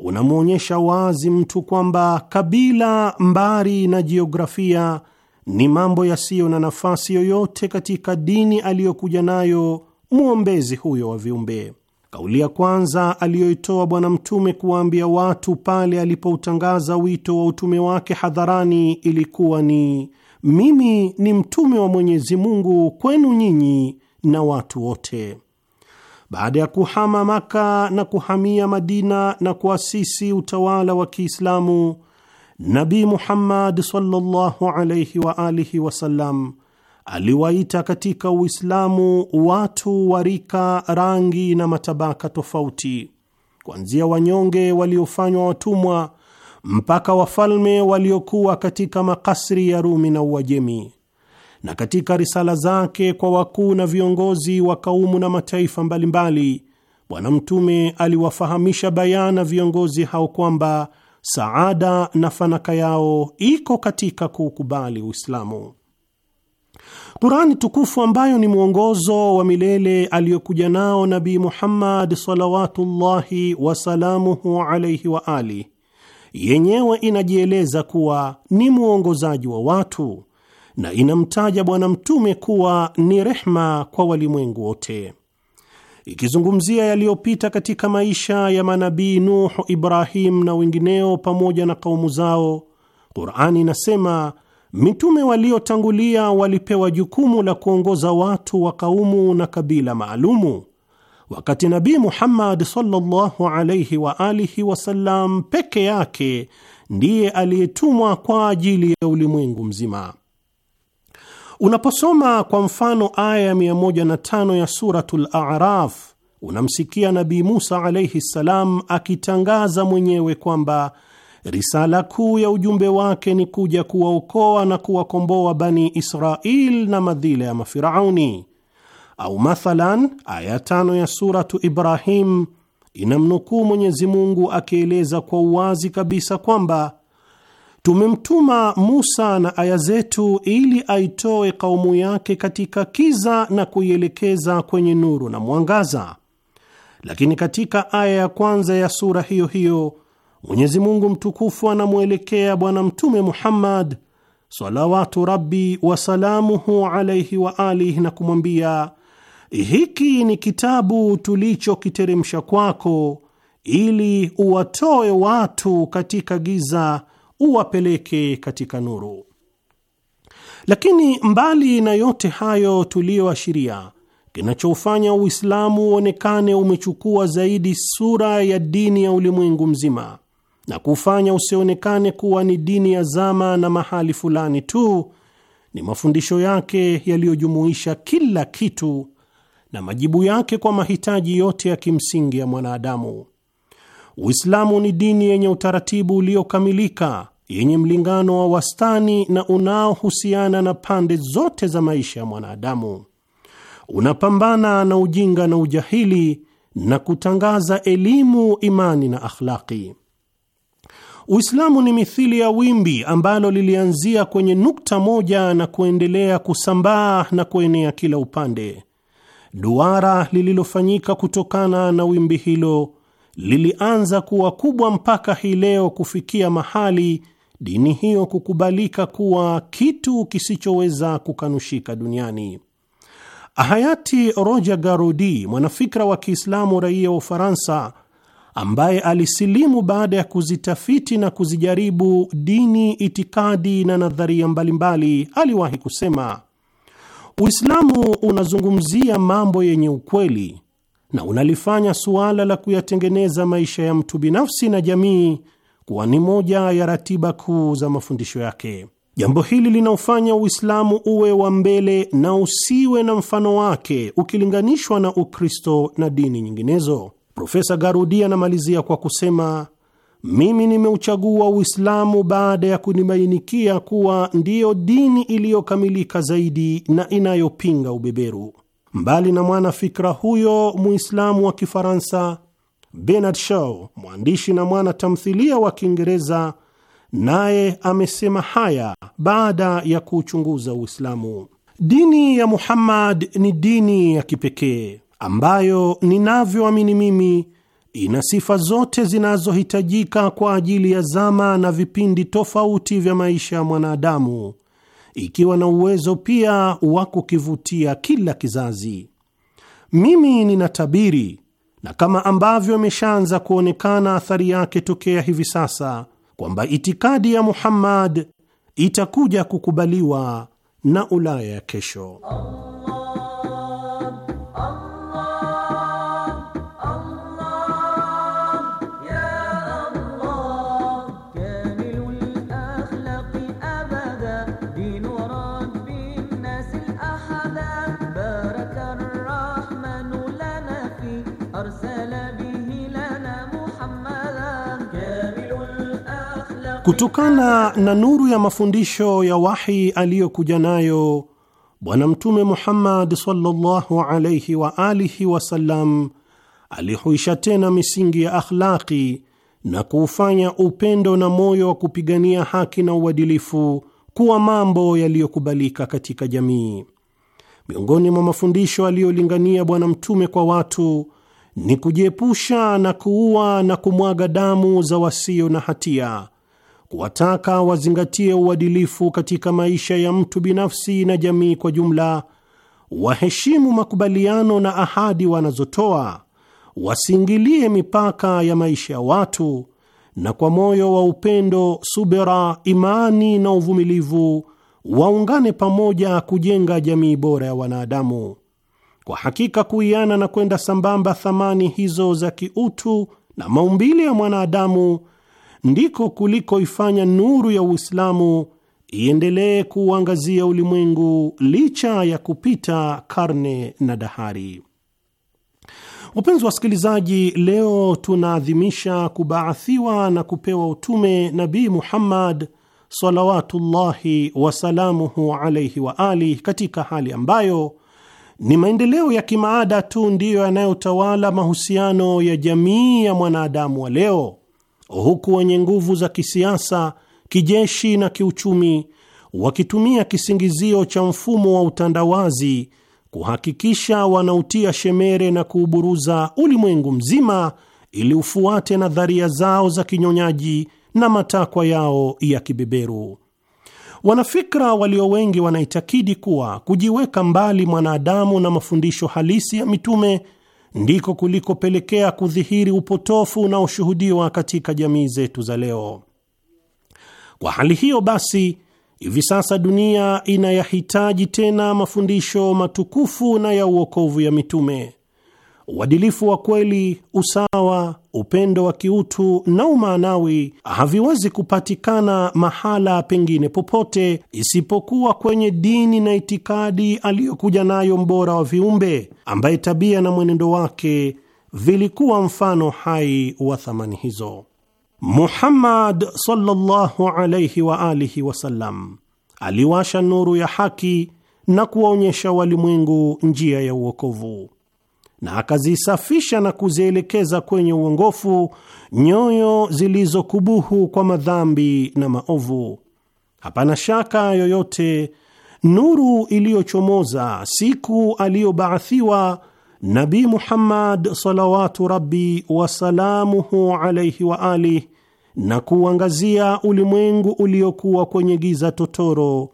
unamwonyesha wazi mtu kwamba kabila, mbari na jiografia ni mambo yasiyo na nafasi yoyote katika dini aliyokuja nayo mwombezi huyo wa viumbe. Kauli ya kwanza aliyoitoa Bwana Mtume kuwaambia watu pale alipoutangaza wito wa utume wake hadharani ilikuwa ni mimi ni mtume wa Mwenyezi Mungu kwenu nyinyi na watu wote. Baada ya kuhama Maka na kuhamia Madina na kuasisi utawala wa Kiislamu, Nabi Muhammad sallallahu alayhi wa alihi wasallam aliwaita katika Uislamu watu wa rika, rangi na matabaka tofauti, kuanzia wanyonge waliofanywa watumwa mpaka wafalme waliokuwa katika makasri ya Rumi na Uajemi. Na katika risala zake kwa wakuu na viongozi wa kaumu na mataifa mbalimbali, Bwana Mtume aliwafahamisha bayana viongozi hao kwamba saada na fanaka yao iko katika kuukubali Uislamu. Qurani tukufu ambayo ni mwongozo wa milele aliyokuja nao nabi Muhammad salawatullahi wasalamuhu alaihi wa ali, yenyewe inajieleza kuwa ni mwongozaji wa watu na inamtaja Bwana Mtume kuwa ni rehma kwa walimwengu wote ikizungumzia yaliyopita katika maisha ya manabii nuhu Ibrahim na wengineo pamoja na kaumu zao, Qur'ani inasema mitume waliotangulia walipewa jukumu la kuongoza watu wa kaumu na kabila maalumu, wakati Nabii Muhammad sallallahu alayhi wa alihi wasallam peke yake ndiye aliyetumwa kwa ajili ya ulimwengu mzima. Unaposoma kwa mfano aya ya 105 ya Suratul Araf, unamsikia Nabii Musa alaihi ssalam akitangaza mwenyewe kwamba risala kuu ya ujumbe wake ni kuja kuwaokoa na kuwakomboa Bani Israil na madhila ya mafirauni. Au mathalan aya tano ya Suratu Ibrahim inamnukuu Mwenyezi Mungu akieleza kwa uwazi kabisa kwamba tumemtuma Musa na aya zetu ili aitoe kaumu yake katika kiza na kuielekeza kwenye nuru na mwangaza. Lakini katika aya ya kwanza ya sura hiyo hiyo Mwenyezi Mungu mtukufu anamwelekea Bwana Mtume Muhammad salawatu rabbi wasalamuhu alaihi wa alihi na kumwambia, hiki ni kitabu tulichokiteremsha kwako ili uwatoe watu katika giza uwapeleke katika nuru. Lakini mbali na yote hayo tuliyoashiria, kinachoufanya Uislamu uonekane umechukua zaidi sura ya dini ya ulimwengu mzima na kufanya usionekane kuwa ni dini ya zama na mahali fulani tu ni mafundisho yake yaliyojumuisha kila kitu na majibu yake kwa mahitaji yote ya kimsingi ya mwanadamu. Uislamu ni dini yenye utaratibu uliokamilika yenye mlingano wa wastani na unaohusiana na pande zote za maisha ya mwanadamu. Unapambana na ujinga na ujahili na kutangaza elimu, imani na akhlaki. Uislamu ni mithili ya wimbi ambalo lilianzia kwenye nukta moja na kuendelea kusambaa na kuenea kila upande. Duara lililofanyika kutokana na wimbi hilo lilianza kuwa kubwa mpaka hii leo kufikia mahali dini hiyo kukubalika kuwa kitu kisichoweza kukanushika duniani. Hayati Roja Garudi, mwanafikra wa Kiislamu raia wa Ufaransa ambaye alisilimu baada ya kuzitafiti na kuzijaribu dini, itikadi na nadharia mbalimbali, aliwahi kusema, Uislamu unazungumzia mambo yenye ukweli na unalifanya suala la kuyatengeneza maisha ya mtu binafsi na jamii kuwa ni moja ya ratiba kuu za mafundisho yake. Jambo hili linaofanya Uislamu uwe wa mbele na usiwe na mfano wake ukilinganishwa na Ukristo na dini nyinginezo. Profesa Garudi anamalizia kwa kusema, mimi nimeuchagua Uislamu baada ya kunibainikia kuwa ndiyo dini iliyokamilika zaidi na inayopinga ubeberu. Mbali na mwanafikra huyo Muislamu wa Kifaransa Bernard Shaw, mwandishi na mwana tamthilia wa Kiingereza, naye amesema haya baada ya kuuchunguza Uislamu. Dini ya Muhammad ni dini ya kipekee ambayo ninavyoamini mimi ina sifa zote zinazohitajika kwa ajili ya zama na vipindi tofauti vya maisha ya mwanadamu, ikiwa na uwezo pia wa kukivutia kila kizazi. Mimi ninatabiri na kama ambavyo imeshaanza kuonekana athari yake tokea hivi sasa, kwamba itikadi ya Muhammad itakuja kukubaliwa na Ulaya ya kesho. Kutokana na nuru ya mafundisho ya wahi aliyokuja nayo Bwana Mtume Muhammad sallallahu alayhi wa alihi wasallam alihuisha tena misingi ya akhlaqi na kuufanya upendo na moyo wa kupigania haki na uadilifu kuwa mambo yaliyokubalika katika jamii. Miongoni mwa mafundisho aliyolingania Bwana Mtume kwa watu ni kujiepusha na kuua na kumwaga damu za wasio na hatia kuwataka wazingatie uadilifu katika maisha ya mtu binafsi na jamii kwa jumla, waheshimu makubaliano na ahadi wanazotoa, wasiingilie mipaka ya maisha ya watu, na kwa moyo wa upendo, subira, imani na uvumilivu waungane pamoja kujenga jamii bora ya wanadamu. Kwa hakika kuiana na kwenda sambamba thamani hizo za kiutu na maumbile ya mwanadamu ndiko kulikoifanya nuru ya Uislamu iendelee kuuangazia ulimwengu licha ya kupita karne na dahari. Wapenzi wasikilizaji, leo tunaadhimisha kubaathiwa na kupewa utume Nabii Muhammad salawatullahi wasalamuhu alaihi wa alih, katika hali ambayo ni maendeleo ya kimaada tu ndiyo yanayotawala mahusiano ya jamii ya mwanadamu wa leo huku wenye nguvu za kisiasa, kijeshi na kiuchumi wakitumia kisingizio cha mfumo wa utandawazi kuhakikisha wanautia shemere na kuuburuza ulimwengu mzima ili ufuate nadharia zao za kinyonyaji na matakwa yao ya kibeberu. Wanafikra walio wengi wanaitakidi kuwa kujiweka mbali mwanadamu na mafundisho halisi ya mitume ndiko kulikopelekea kudhihiri upotofu unaoshuhudiwa katika jamii zetu za leo. Kwa hali hiyo basi, hivi sasa dunia inayahitaji tena mafundisho matukufu na ya uokovu ya mitume uadilifu wa kweli, usawa, upendo wa kiutu na umaanawi haviwezi kupatikana mahala pengine popote isipokuwa kwenye dini na itikadi aliyokuja nayo mbora wa viumbe, ambaye tabia na mwenendo wake vilikuwa mfano hai wa thamani hizo. Muhammad sallallahu alayhi wa alihi wasallam aliwasha nuru ya haki na kuwaonyesha walimwengu njia ya uokovu na akazisafisha na kuzielekeza kwenye uongofu nyoyo zilizokubuhu kwa madhambi na maovu. Hapana shaka yoyote, nuru iliyochomoza siku aliyobaathiwa Nabi Muhammad salawatu rabi wasalamuhu alaihi wa alih, na kuangazia ulimwengu uliokuwa kwenye giza totoro,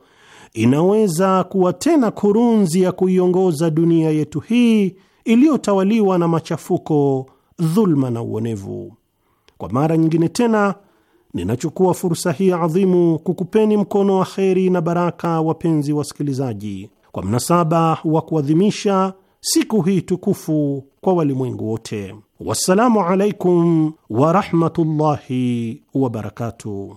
inaweza kuwa tena kurunzi ya kuiongoza dunia yetu hii iliyotawaliwa na machafuko, dhulma na uonevu. Kwa mara nyingine tena ninachukua fursa hii adhimu kukupeni mkono wa kheri na baraka, wapenzi wasikilizaji, kwa mnasaba wa kuadhimisha siku hii tukufu kwa walimwengu wote. Wassalamu alaikum warahmatullahi wabarakatuh.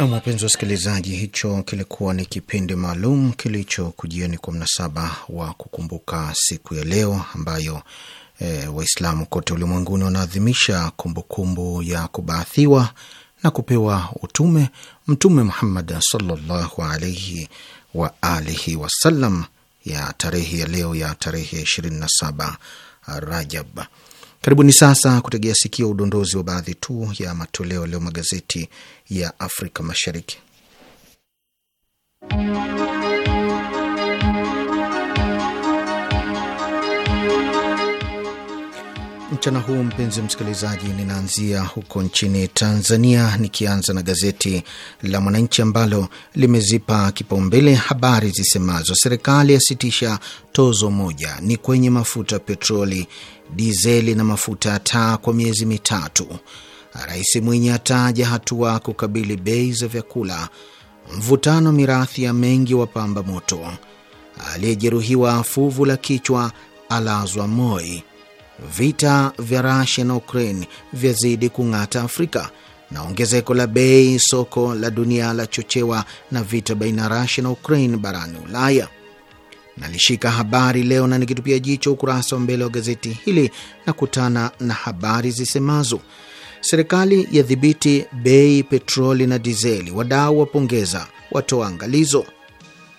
Na wapenzi wasikilizaji, hicho kilikuwa ni kipindi maalum kilichokujieni kwa mnasaba wa kukumbuka siku ya leo ambayo e, Waislamu kote ulimwenguni wanaadhimisha kumbukumbu ya kubaathiwa na kupewa utume Mtume Muhammad sallallahu alaihi wa alihi wasallam ya tarehe ya leo ya tarehe saba Rajab. Karibuni sasa kutegea sikio udondozi wa baadhi tu ya matoleo leo magazeti ya Afrika Mashariki. Mchana huu mpenzi msikilizaji, ninaanzia huko nchini Tanzania, nikianza na gazeti la Mwananchi ambalo limezipa kipaumbele habari zisemazo serikali yasitisha tozo moja ni kwenye mafuta petroli dizeli na mafuta ya taa kwa miezi mitatu. Rais Mwinyi ataja hatua kukabili bei za vyakula. Mvutano mirathi ya mengi wa pamba moto. Aliyejeruhiwa fuvu la kichwa alazwa Moi. Vita vya Rasia na Ukraine vyazidi kung'ata Afrika na ongezeko la bei soko la dunia la chochewa na vita baina ya Rasia na Ukraine barani Ulaya nalishika habari leo na nikitupia jicho ukurasa wa mbele wa gazeti hili na kutana na habari zisemazo: serikali yadhibiti bei petroli na dizeli, wadau wapongeza, watoa angalizo.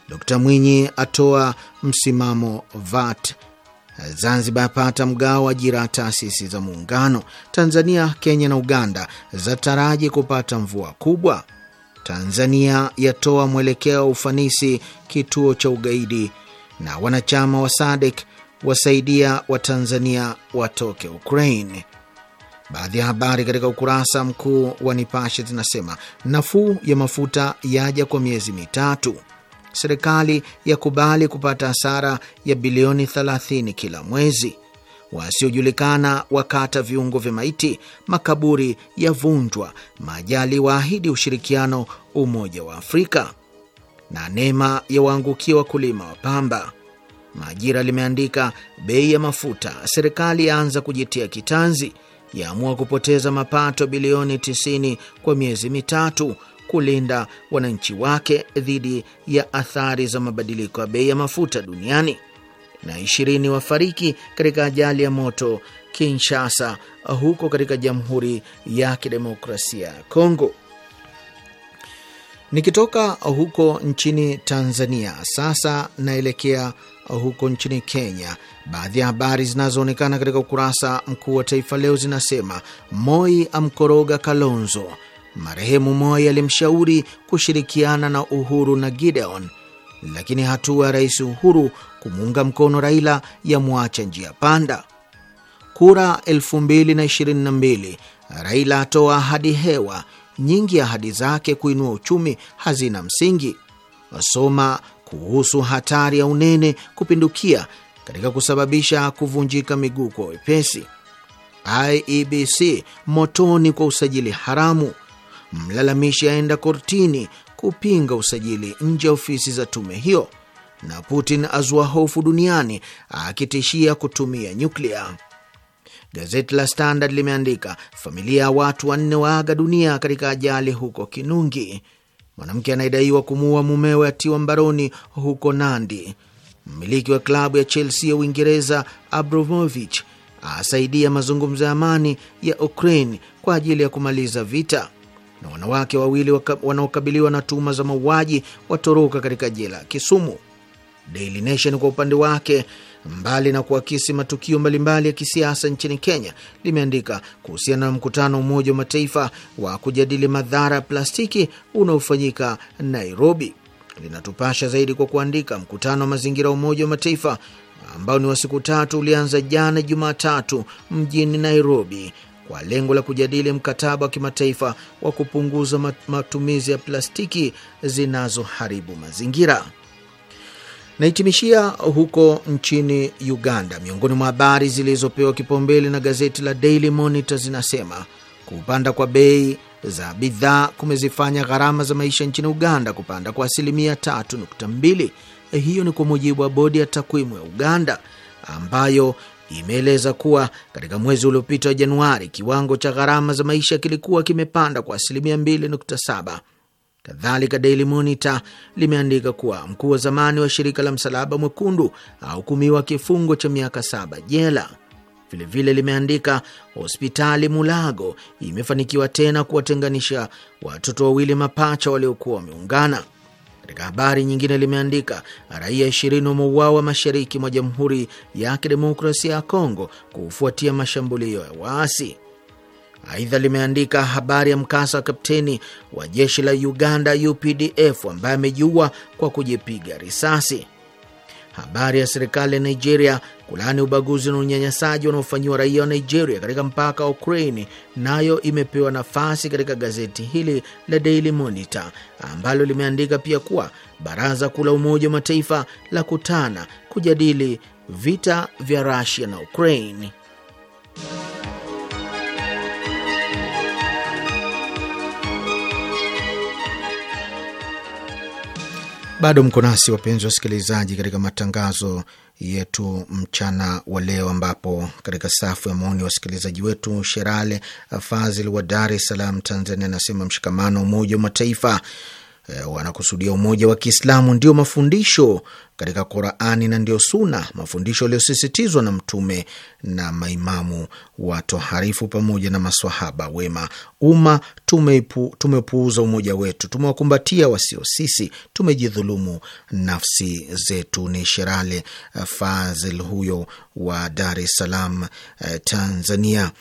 Dkt Mwinyi atoa msimamo VAT. Zanzibar yapata mgao wa ajira ya taasisi za Muungano. Tanzania, Kenya na Uganda zataraji kupata mvua kubwa. Tanzania yatoa mwelekeo wa ufanisi kituo cha ugaidi na wanachama wa SADEK wasaidia Watanzania watoke Ukraine. Baadhi ya habari katika ukurasa mkuu wa Nipashe zinasema nafuu ya mafuta yaja kwa miezi mitatu, serikali yakubali kupata hasara ya bilioni 30 kila mwezi, wasiojulikana wakata viungo vya maiti, makaburi yavunjwa, Majali waahidi ushirikiano Umoja wa Afrika na neema ya waangukia wakulima wa pamba. Majira limeandika bei ya mafuta, serikali yaanza kujitia kitanzi, yaamua kupoteza mapato bilioni 90 kwa miezi mitatu kulinda wananchi wake dhidi ya athari za mabadiliko ya bei ya mafuta duniani. Na ishirini wafariki katika ajali ya moto Kinshasa, huko katika Jamhuri ya Kidemokrasia ya Kongo. Nikitoka huko nchini Tanzania, sasa naelekea huko nchini Kenya. Baadhi ya habari zinazoonekana katika ukurasa mkuu wa Taifa Leo zinasema Moi amkoroga Kalonzo. Marehemu Moi alimshauri kushirikiana na Uhuru na Gideon, lakini hatua ya Rais Uhuru kumuunga mkono Raila yamwacha njia panda. Kura 2022 Raila atoa ahadi hewa nyingi ya ahadi zake kuinua uchumi hazina msingi. Wasoma kuhusu hatari ya unene kupindukia katika kusababisha kuvunjika miguu kwa wepesi. IEBC motoni kwa usajili haramu. Mlalamishi aenda kortini kupinga usajili nje ya ofisi za tume hiyo, na Putin azua hofu duniani akitishia kutumia nyuklia. Gazeti la Standard limeandika familia ya watu wanne waaga dunia katika ajali huko Kinungi. Mwanamke anayedaiwa kumuua mumewe atiwa mbaroni huko Nandi. Mmiliki wa klabu ya Chelsea ya Uingereza Abramovich asaidia mazungumzo ya amani ya Ukraine kwa ajili ya kumaliza vita. Na wanawake wawili wanaokabiliwa na tuhuma za mauaji watoroka katika jela ya Kisumu. Daily Nation kwa upande wake mbali na kuakisi matukio mbalimbali ya kisiasa nchini Kenya, limeandika kuhusiana na mkutano wa Umoja wa Mataifa wa kujadili madhara ya plastiki unaofanyika Nairobi. Linatupasha zaidi kwa kuandika, mkutano wa mazingira wa Umoja wa Mataifa ambao ni wa siku tatu ulianza jana Jumatatu mjini Nairobi kwa lengo la kujadili mkataba wa kimataifa wa kupunguza matumizi ya plastiki zinazoharibu mazingira. Nahitimishia huko nchini Uganda. Miongoni mwa habari zilizopewa kipaumbele na gazeti la Daily Monitor zinasema kupanda kwa bei za bidhaa kumezifanya gharama za maisha nchini Uganda kupanda kwa asilimia 3.2. Hiyo ni kwa mujibu wa bodi ya takwimu ya Uganda ambayo imeeleza kuwa katika mwezi uliopita wa Januari, kiwango cha gharama za maisha kilikuwa kimepanda kwa asilimia 2.7 Kadhalika, Daily Monitor limeandika kuwa mkuu wa zamani wa shirika la Msalaba Mwekundu ahukumiwa kifungo cha miaka saba jela. Vilevile limeandika hospitali Mulago imefanikiwa tena kuwatenganisha watoto wawili mapacha waliokuwa wameungana. Katika habari nyingine limeandika raia ishirini wameuawa mashariki mwa Jamhuri ya Kidemokrasia ya Kongo kufuatia mashambulio ya waasi. Aidha, limeandika habari ya mkasa wa kapteni wa jeshi la Uganda UPDF ambaye amejiua kwa kujipiga risasi. Habari ya serikali ya Nigeria kulani ubaguzi na unyanyasaji wanaofanyiwa raia wa Nigeria katika mpaka wa Ukraini nayo imepewa nafasi katika gazeti hili la Daily Monitor ambalo limeandika pia kuwa baraza kuu la Umoja wa Mataifa la kutana kujadili vita vya Rusia na Ukraini. Bado mko nasi wapenzi wasikilizaji, katika matangazo yetu mchana wa leo, ambapo katika safu ya maoni ya wasikilizaji wetu Sherale Fazil wa Dar es Salaam, Tanzania, anasema mshikamano Umoja wa Mataifa Eh, wanakusudia umoja wa Kiislamu, ndio mafundisho katika Qurani na ndio suna, mafundisho yaliyosisitizwa na Mtume na maimamu watoharifu pamoja na maswahaba wema. Umma tumepuuza umoja wetu, tumewakumbatia wasio sisi, tumejidhulumu nafsi zetu. Ni Sherale Fazil huyo wa Dar es Salaam, eh, Tanzania.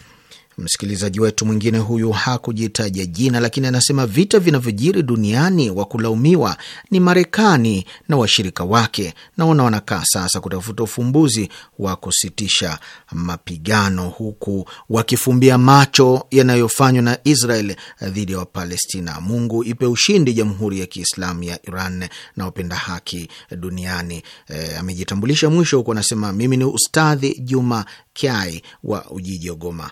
Msikilizaji wetu mwingine huyu hakujitaja jina, lakini anasema vita vinavyojiri duniani, wa kulaumiwa ni Marekani na washirika wake. Naona wanakaa sasa kutafuta ufumbuzi wa kusitisha mapigano, huku wakifumbia macho yanayofanywa na Israel dhidi ya Wapalestina. Mungu ipe ushindi Jamhuri ya Kiislamu ya Iran na wapenda haki duniani. E, amejitambulisha mwisho huku anasema mimi ni Ustadhi Juma Kiai wa Ujiji Ogoma,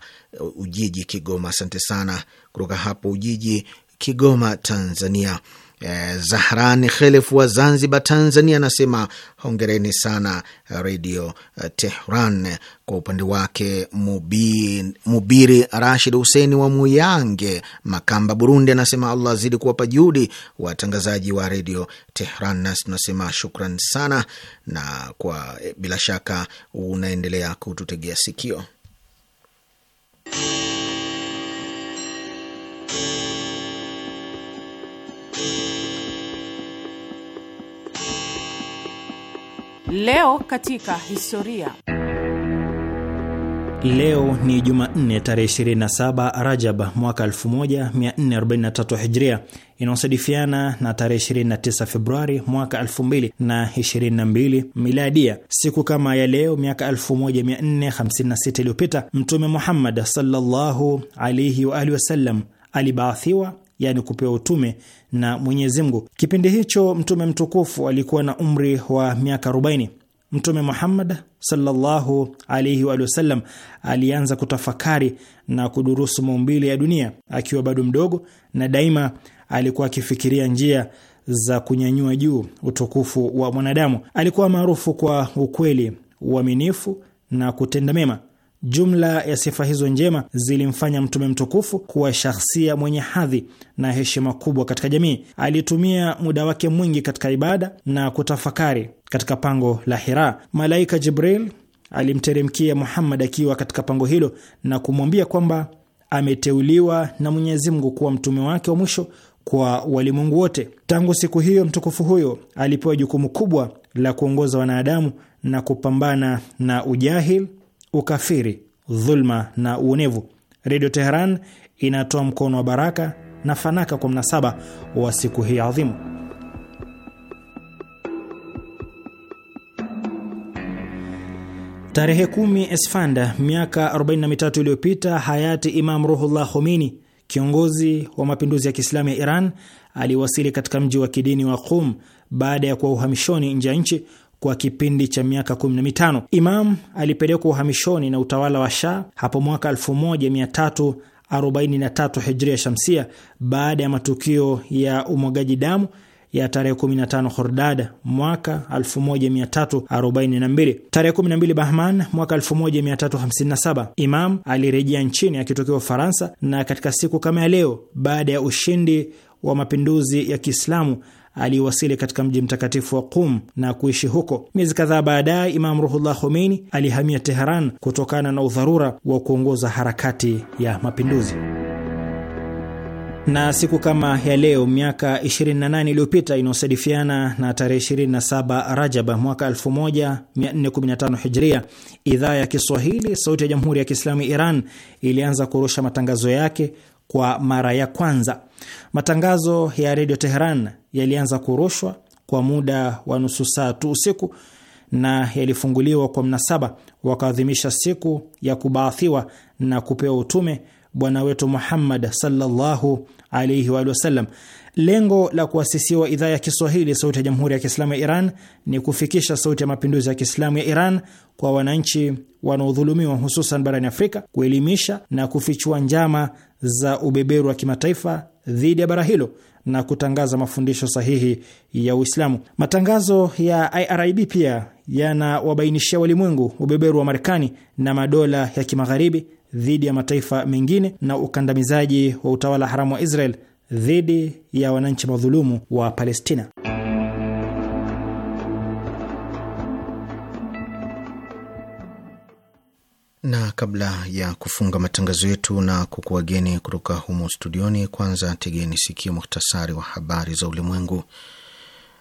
Ujiji Kigoma. Asante sana kutoka hapo Ujiji Kigoma, Tanzania. Eh, Zahrani Khelef wa Zanzibar, Tanzania, anasema hongereni sana Redio Tehran. Kwa upande wake Mubiri, Mubiri Rashid Huseni wa Muyange, Makamba, Burundi, anasema Allah azidi kuwapa juhudi watangazaji wa Redio Tehran. Nasi tunasema shukran sana, na kwa e, bila shaka unaendelea kututegea sikio. Leo katika historia. Leo ni Jumanne tarehe 27 Rajab mwaka 1443 Hijria inaosadifiana na tarehe 29 Februari mwaka 2022 miladia. Siku kama ya leo miaka 1456 iliyopita Mtume Muhammad sallallahu alayhi wa alihi wasallam alibaathiwa yani kupewa utume na Mwenyezi Mungu. Kipindi hicho mtume mtukufu alikuwa na umri wa miaka 40. Mtume Muhammad sallallahu alaihi wa sallam alianza kutafakari na kudurusu maumbile ya dunia akiwa bado mdogo, na daima alikuwa akifikiria njia za kunyanyua juu utukufu wa mwanadamu. Alikuwa maarufu kwa ukweli, uaminifu na kutenda mema. Jumla ya sifa hizo njema zilimfanya Mtume mtukufu kuwa shahsia mwenye hadhi na heshima kubwa katika jamii. Alitumia muda wake mwingi katika ibada na kutafakari katika pango la Hira. Malaika Jibril alimteremkia Muhammad akiwa katika pango hilo na kumwambia kwamba ameteuliwa na Mwenyezi Mungu kuwa mtume wake wa mwisho kwa walimwengu wote. Tangu siku hiyo, mtukufu huyo alipewa jukumu kubwa la kuongoza wanadamu na kupambana na ujahil ukafiri, dhulma na uonevu. Redio Teheran inatoa mkono wa baraka na fanaka kwa mnasaba wa siku hii adhimu. Tarehe kumi Esfanda miaka 43 iliyopita hayati Imam Ruhullah Khomeini, kiongozi wa mapinduzi ya Kiislamu ya Iran, aliwasili katika mji wa kidini wa Qum baada ya kuwa uhamishoni nje ya nchi kwa kipindi cha miaka 15. Imam alipelekwa uhamishoni na utawala wa Shah hapo mwaka 1343 Hijria Shamsia baada ya matukio ya umwagaji damu ya tarehe 15 Hordada mwaka 1342. Tarehe 12 Bahman mwaka 1357, Imam alirejea nchini akitokea Ufaransa, na katika siku kama ya leo, baada ya ushindi wa mapinduzi ya Kiislamu aliwasili katika mji mtakatifu wa Qum na kuishi huko. Miezi kadhaa baadaye, Imam Ruhullah Khomeini alihamia Teheran kutokana na udharura wa kuongoza harakati ya mapinduzi na siku kama ya leo miaka 28 iliyopita inayosadifiana na tarehe 27 Rajab mwaka 1415 Hijria, idhaa ya Kiswahili Sauti ya Jamhuri ya Kiislamu Iran ilianza kurusha matangazo yake kwa mara ya kwanza. Matangazo ya redio Teheran yalianza kurushwa kwa muda wa nusu saa tu usiku na yalifunguliwa kwa mnasaba wakaadhimisha siku ya kubaathiwa na kupewa utume bwana wetu Muhammad sallallahu alaihi wa sallam. Lengo la kuasisiwa idhaa ya Kiswahili sauti ya Jamhuri ya Kiislamu ya Iran ni kufikisha sauti ya mapinduzi ya Kiislamu ya Iran kwa wananchi wanaodhulumiwa, hususan barani Afrika, kuelimisha na kufichua njama za ubeberu wa kimataifa dhidi ya bara hilo na kutangaza mafundisho sahihi ya Uislamu. Matangazo ya IRIB pia yanawabainishia walimwengu ubeberu wa Marekani na madola ya kimagharibi dhidi ya mataifa mengine na ukandamizaji wa utawala haramu wa Israel dhidi ya wananchi madhulumu wa Palestina. na kabla ya kufunga matangazo yetu na kukuwageni kutoka humo studioni, kwanza tegeni sikio muhtasari wa habari za ulimwengu.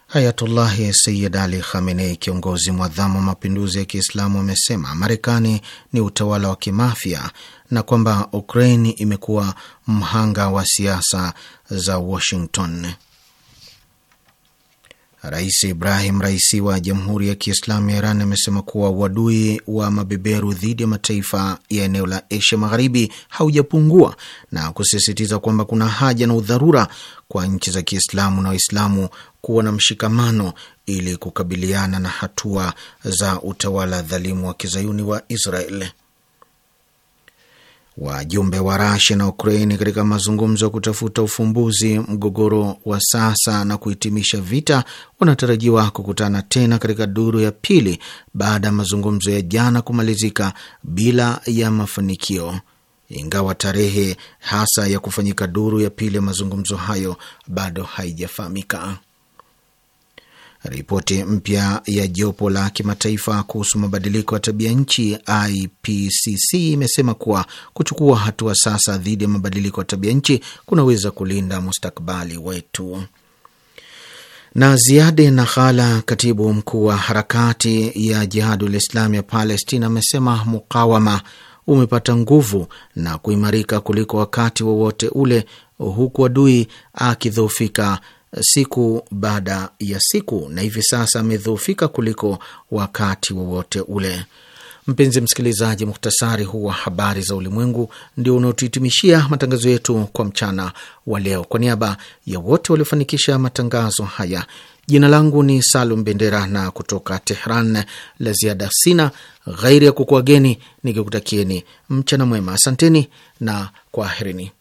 Ayatullahi Sayyid Ali Khamenei, kiongozi mwadhamu wa mapinduzi ya Kiislamu, amesema Marekani ni utawala wa kimafia na kwamba Ukraine imekuwa mhanga wa siasa za Washington. Rais Ibrahim Raisi wa Jamhuri ya Kiislamu ya Iran amesema kuwa uadui wa mabeberu dhidi ya mataifa ya eneo la Asia Magharibi haujapungua na kusisitiza kwamba kuna haja na udharura kwa nchi za Kiislamu na Waislamu kuwa na mshikamano ili kukabiliana na hatua za utawala dhalimu wa kizayuni wa Israel wajumbe wa Rasia na Ukraini katika mazungumzo ya kutafuta ufumbuzi mgogoro wa sasa na kuhitimisha vita wanatarajiwa kukutana tena katika duru ya pili baada ya mazungumzo ya jana kumalizika bila ya mafanikio, ingawa tarehe hasa ya kufanyika duru ya pili ya mazungumzo hayo bado haijafahamika. Ripoti mpya ya jopo la kimataifa kuhusu mabadiliko ya tabia nchi IPCC imesema kuwa kuchukua hatua sasa dhidi ya mabadiliko ya tabia nchi kunaweza kulinda mustakabali wetu. Na Ziade Nahala, katibu mkuu wa harakati ya Jihadul Islam ya Palestina, amesema mukawama umepata nguvu na kuimarika kuliko wakati wowote wa ule, huku adui akidhoofika siku baada ya siku, na hivi sasa amedhoofika kuliko wakati wowote ule. Mpenzi msikilizaji, muhtasari huu wa habari za ulimwengu ndio unaotuhitimishia matangazo yetu kwa mchana wa leo. Kwa niaba ya wote waliofanikisha matangazo haya, jina langu ni Salum Bendera na kutoka Tehran la ziada sina ghairi ya kukuageni nikikutakieni mchana mwema. Asanteni na kwaherini.